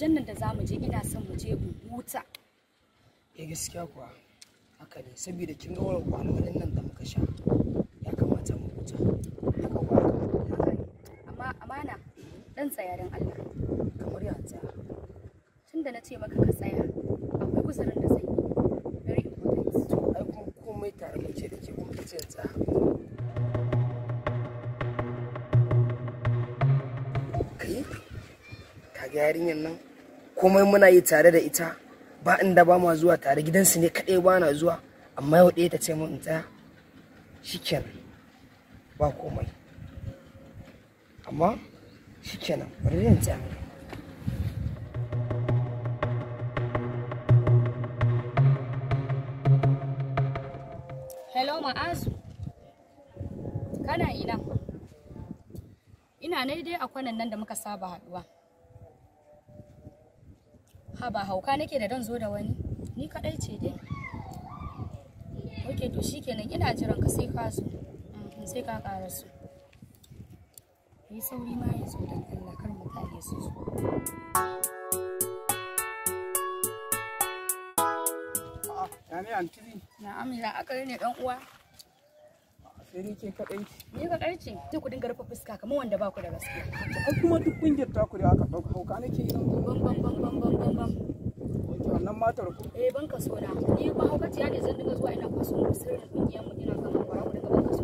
wajen da za mu je ina son mu je in huta eh gaskiya kuwa haka ne saboda kin ga wannan kwanonin nan da muka sha ya kamata mu huta haka kuwa amma amana dan tsaya dan Allah kamar ya tsaya tunda na ce maka ka tsaya akwai uzurin da zai very important to ai komai tare da ke da ke kuma ce tsaya kai ka ga yarinyar nan komai muna yi tare da ita ba inda ba ma zuwa tare gidansu ne kaɗai ba na zuwa amma yau ɗaya ta ce mun in tsaya shikenan ba komai amma shikenan bari in tsaya hello ma'azu kana ina ina nai dai a kwanan nan da muka saba haɗuwa ha ba hauka nake da dan zo da wani ni kadai ce dai ok to shikenan ina jiran ka sai ka zo mm, sai ka ƙara su yi sauri ma ya zo don allah kar mutane su zo Na'am ya ne dan uwa sai ni ke ce, ni ce ku dinga fuska kamar wanda ba ku da gaskiya ai kuma duk kungiyar ta aka hauka nake yi wannan matar ku eh ban kaso na ni ba hauka ce zan dinga zuwa ina kwaso mu sirrin kungiyar mu ina kan kwara ku daga ban kaso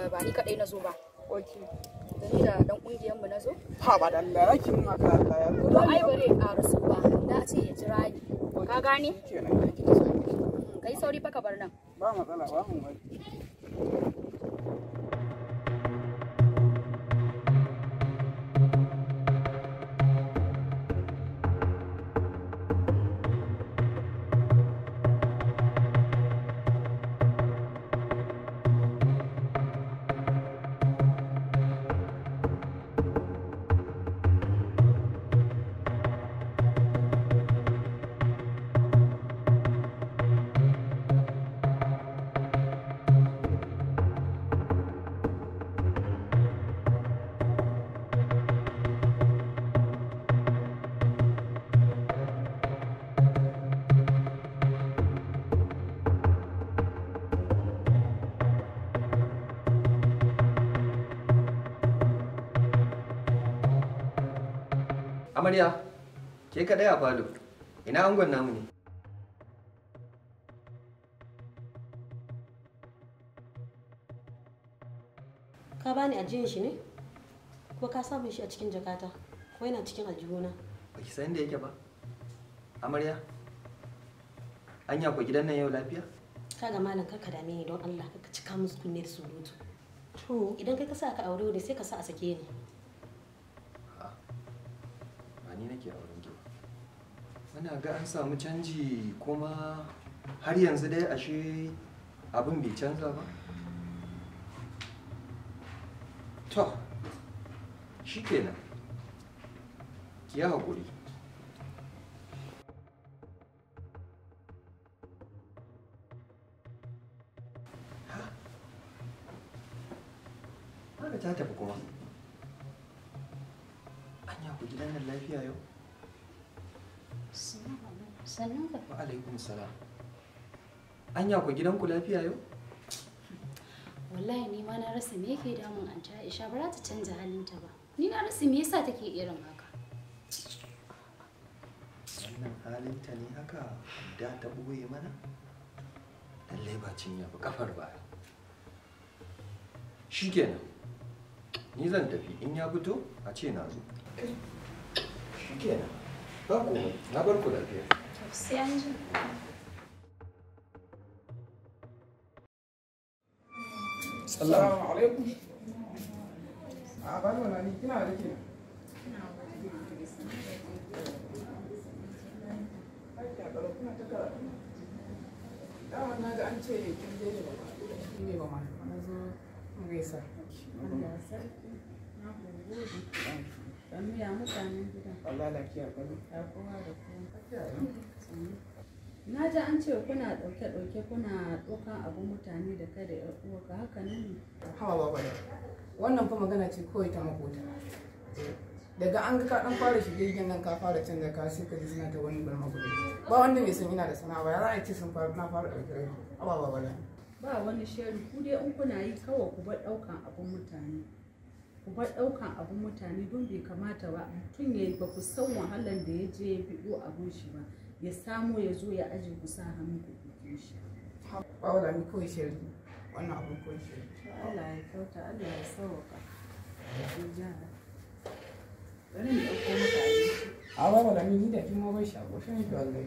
na ba ni kadai na zo ba okay ni da dan kungiyar mu na zo? ba dan a rasu ba da ce ya jira ni ka gane kai sauri fa ka bar nan ba matsala ba Amarya, ke kaɗai a falo, ina angon namu ne? Ka bani ajiyan shi ne? Ko ka samun shi a cikin jakata? Ko yana cikin aljihuna? Ba ki san da yake ba. Amarya, anya ko gidan nan yau lafiya? Kaga malam ka dame ni don Allah ka cika musu kunne da surutu. To, idan kai ka sa ka aure da sai ka sa a sake ni. nake a wurin gida ana ga an samu canji kuma har yanzu dai ashe abin bai canza ba to shi kenan ki yi haƙuri ta tafi kuma an yaku gidan nan lafiya yau sannan ka wa alaikum salam anya ku gidanku lafiya yau wallahi ni ma na rasa me yake damun an ta Aisha ba za ta canza halinta ba ni na rasa me yasa take irin haka wannan halinta ne haka da ta buye mana lallai ba cinya ba kafar baya shikenan ni zan tafi in ya fito a ce na zo shikenan Tako, na barku lafiya. Sai an ji. Assalamu alaikum. A ba ni ni kina da kina. Dama na ga an ce kin je ne ba ma. Ne ba ma. Na zo gaisa. Allah ya sa. Na gode. Sannu ya mutanen gidan. Allah lafiya kwanu. Ya kowa da kowa. Na ji an ce kuna ɗauke-ɗauke kuna ɗaukan abin mutane da kada ya uwaka haka ne. Hawa ba Wannan fa magana ce kawai ta makota. Daga an ga ɗan fara shige gidan nan ka fara canza ka sai ka ji suna ta wani barma gudu. Ba wanda mai san yana da sana'a ba ya za ce sun fara na fara ɗauke-ɗauke. Hawa ba Ba wani shari ku dai in kuna yi kawai ku bar ɗaukan abin mutane. ku bar ɗaukan abun mutane don bai kamata ba mutum ya yi ba ku san wahalan da ya je ya fiɗo abun shi ba ya samu ya zo ya aje ku sa hannu ku ɗauke shi. Paula ni kawai shirki wannan abun kawai shirki. Allah ya kyauta Allah ya sauka. Bari mu ɗauko maka abinci. A ba wala ni da kin ma bai shago shi ne to Allah.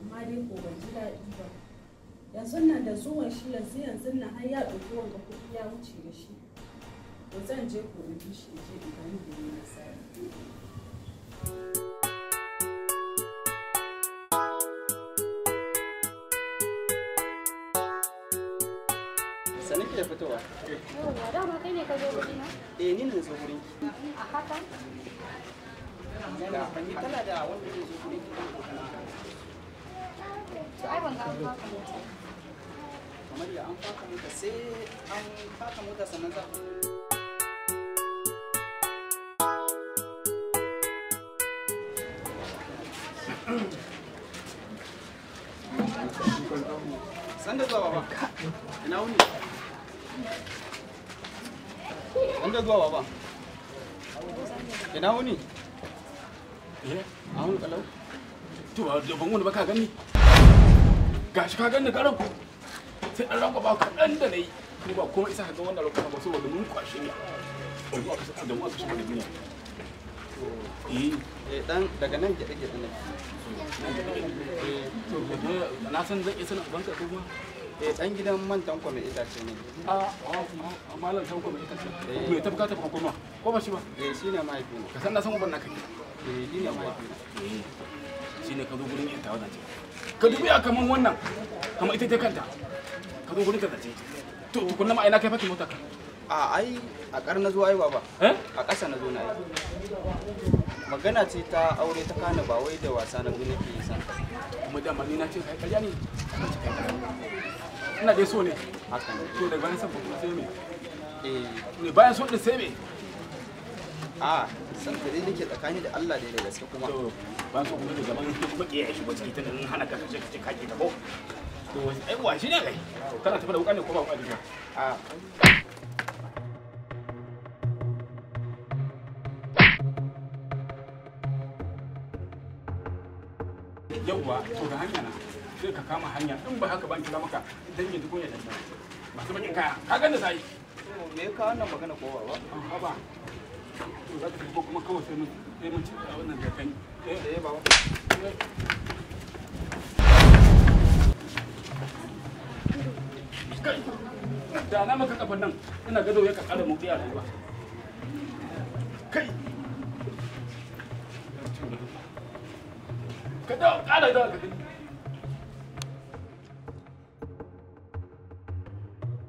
amma dai ko ban ji daɗi ba yanzu nan da zuwan shi yanzu yanzu nan har ya ɗauki wanda kuɗi ya wuce da shi ko zan je ko in ji shi je in da ni na da eh, ni ne zo A haka? Da To ai an Sanda zuwa baba. Ina wuni? Sanda zuwa baba. Ina wuni? Eh, a wuni kalau. To, ban wani ba gani? gashi ka ganni garin sai dan rango ba kaɗan da na yi ni ba kuma isa ka ga wannan lokacin ba saboda mun kwashe ne da mu aka shiga da duniya eh dan eh, daga nan gyaɗe gyaɗe nan eh, na san zan iya sanin banka ko ma eh dan gidan man tanko mai itace ne ah, ah, a a malam tanko mai itace eh. me ta bukata ko kuma ko ba shi ba eh shine mahaifina ka san na san uban ka eh shine mahaifina shine ka zo gurin yan tawa ce ka dubi a kaman wannan kama ita ta kanta ka zo gurin ta zace to tukunna ma ina kai fakin motar ka a ai a kar na zo ai baba eh? a ƙasa na zo na ai magana ce ta aure ta kana ba wai da wasa na gune ke san kuma da mani na ce kai karya ne ina dai so ne haka ne to daga bayan sabon kuma sai me eh bayan so sai me a san da nake tsakani da Allah da gaske kuma to ba kuma da zaman kuma ke hana ka kace kace kake ko to ai wa shi ne kai kana tafi da ne ba a yauwa to ga hanya na sai ka kama hanya in ba haka kira maka dan masu bakin kaya ka sai me ka wannan magana ko ba ba za ta ko kuma kawai sai mun sai mun ci a wannan jakan eh da na maka kafan nan ina gado ya kakara mu biya rayuwa kai ka da ƙara da ka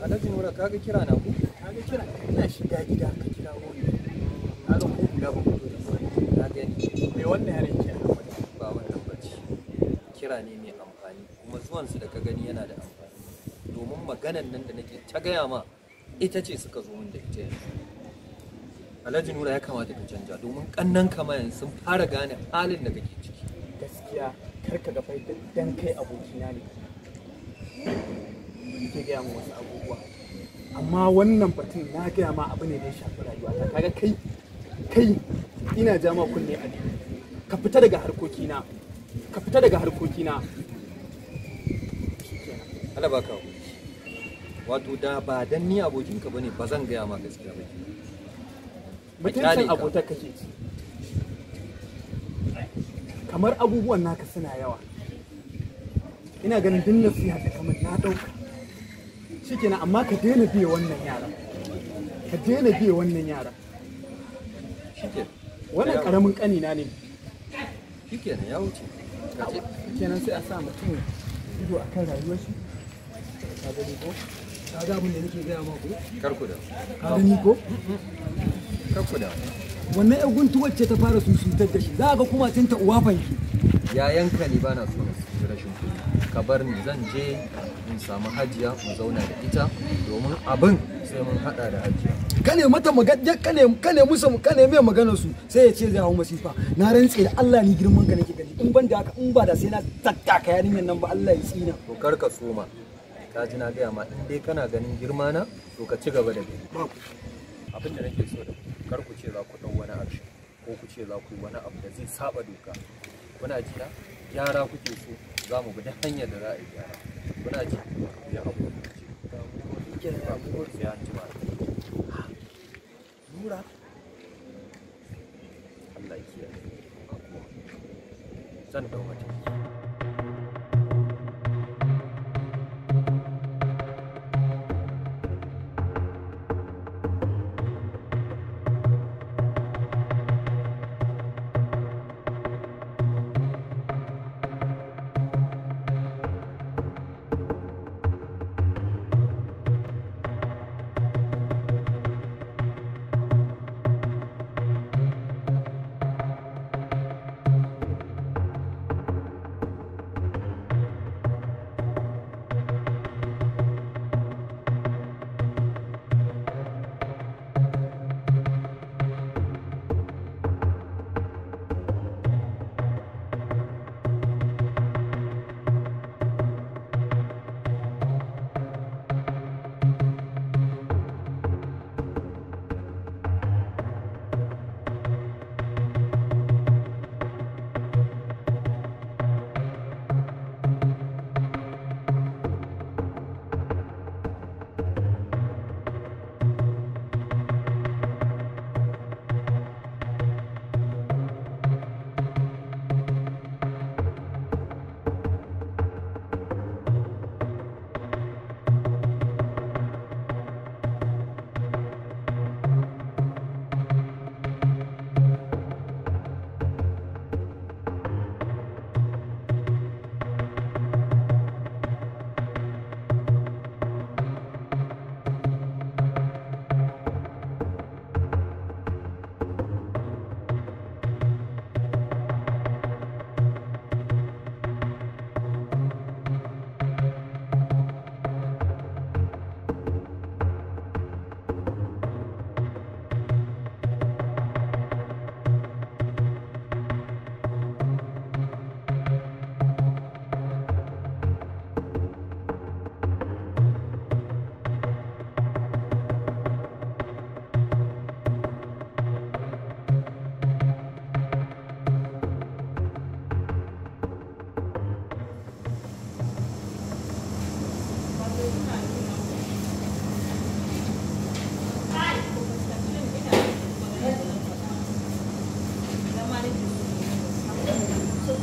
Alhaji Nura kaga kira na ku? Kaga kira ina shiga gida ka kira wani. kaga mu da sarki na gani me ke bace kira ne mai amfani kuma zuwansu da ka gani yana da amfani domin maganan nan da nake ta gaya ma ita ce suka zo min da ita yanzu Alhaji Nura ya kamata ka canja domin kannan kama yanzu sun fara gane halin da kake ciki gaskiya kar ka ga faidar dan kai abokina ne ke gaya ma wasu abubuwa amma wannan batun na gaya ma abu ne da ya shafi rayuwa ta kaga kai kai ina ja ma kunne a ka fita daga harkokina ka fita daga harkokina Allah baka wato da ba dan ni ka bane ba zan gaya ma gaskiya ba mutuncin abota kake kamar abubuwan naka suna yawa ina ganin duk nasiha da kamar na ɗauka shikenan amma ka daina biye wannan yaran. ka daina biye wannan yaran. wannan karamin kanina ne shike ya wuce kenan sai a sa mutum ido a kan rayuwar shi ka gani ko ka ga abin da nake gaya ma ko kar ku da ka gani ko kar ku da wannan yan guntuwar ce ta fara susutar da shi za a ga kuma tinta uwa fanki yayanka ne ba na so rashin kuɗi ka bar ni zan je in samu hajiya mu zauna da ita domin abin sai mun haɗa da hajiya ka ne mata magana kane ne musu kane mai magana su sai ya ce zai hawo masifa na rantse da Allah ni girman ka nake gani in ban da haka in ba da sai na tattaka yarin nan ba Allah ya tsina to kar ka soma ka ji na gaya ma in dai kana ganin girma na to ka ci gaba da gani abin da nake so da kar ku ce za ku dau wani action ko ku ce za ku yi wani abu da zai saba doka kuna ji na gyara kuke so za mu bi da hanyar da za a yi gyara kuna ji ya haƙuri ku ce ya ba đó anh lấy chuyện dân đồ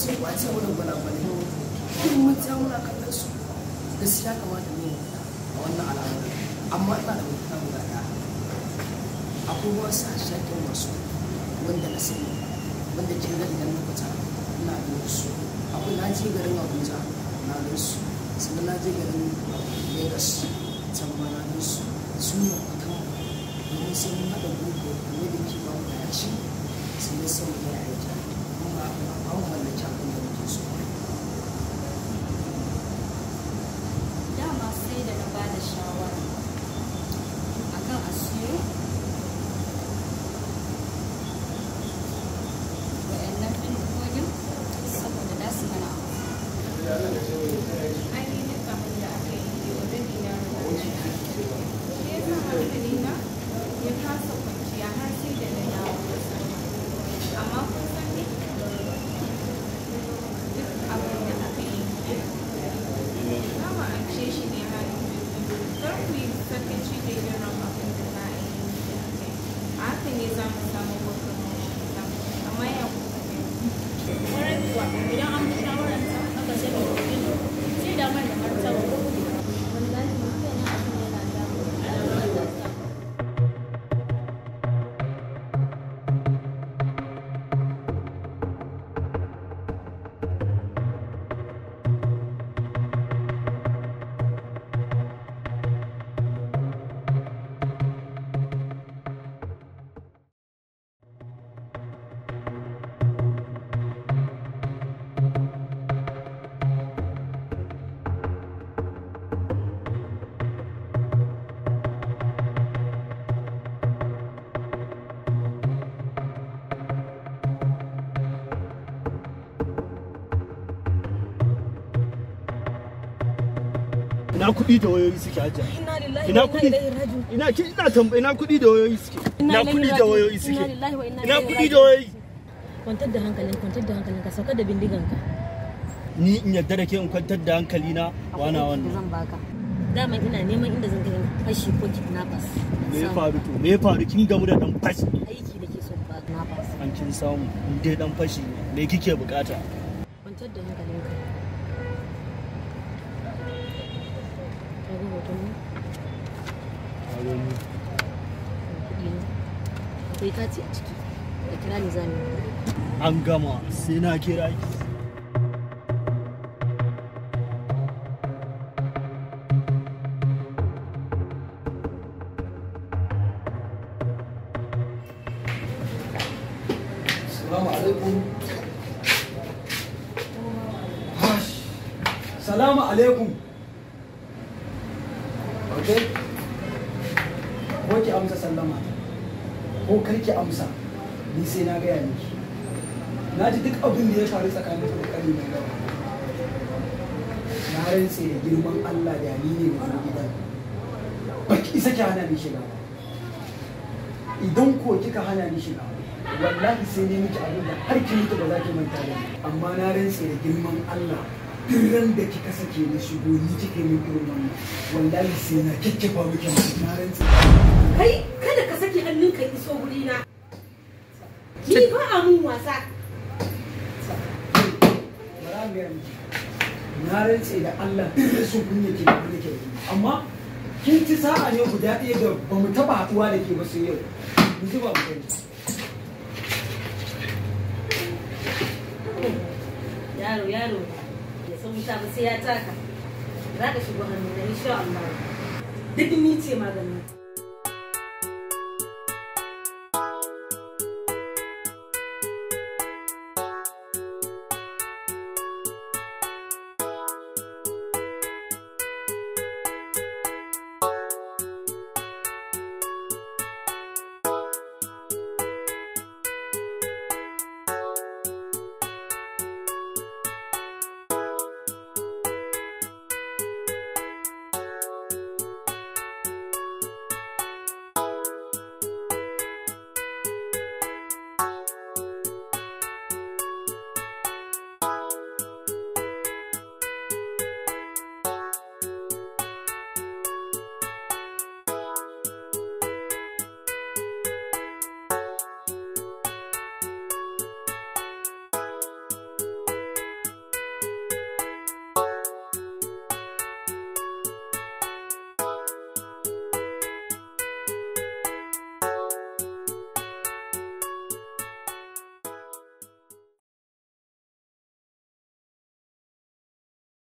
su kwace mana gwalagwale in mun tsaya muna kallon su gaskiya kamata mu yi a wannan al'amari amma ina da mutum guda ɗaya akwai wasu hashakin masu wanda na sani wanda kin ga idan na ina da su akwai na je garin abuja na da su sannan na je garin lagos can ma na da su su ne mutum domin sun haɗa gugu game da kiwon kayaci sannan sun yi aiki that energy. ina kuɗi da wayoyi suke ajiya ina kuɗi ina ki ina tambaya ina kuɗi da wayoyi suke ina kuɗi da wayoyi suke ina kuɗi da wayoyi kwantar da hankalin kwantar da hankalin ka sauka da bindigan ni in yadda da ke in kwantar da hankali na wana wannan zan baka daman ina neman inda zan kai fashi ko kidnappers me ya faru to me ya faru kin gamu da dan fashi aiki da ke so ba kidnappers an kin samu in dai dan fashi ne me kike bukata kwantar da hankalin ka Angama hoton ne? sai na kira sai na gaya miki na ji duk abin da ya faru tsakanin ku da mai na rantse da girman Allah da ni ne mai gidan ba isa ki hana ni shiga idan ko kika hana ni shiga wallahi sai ne miki abin da har ki mutu ba za ki manta da amma na rantse da girman Allah duk da kika sake ni shigo ni kike min irin wallahi sai na kike miki na rantse kai kada ka sake hannunka iso gurina Ni ba a mun wasa. Na rantse da Allah sun kun yake da kun yi amma kin ci sa'a ne guda ɗaya da ba mu taɓa haɗuwa da ke ba sai yau. Mu ji ba mu kai. Yaro yaro ya san wuta ba sai ya taka. Za ka shigo hannu na insha Allah. Duk ni ce maganin.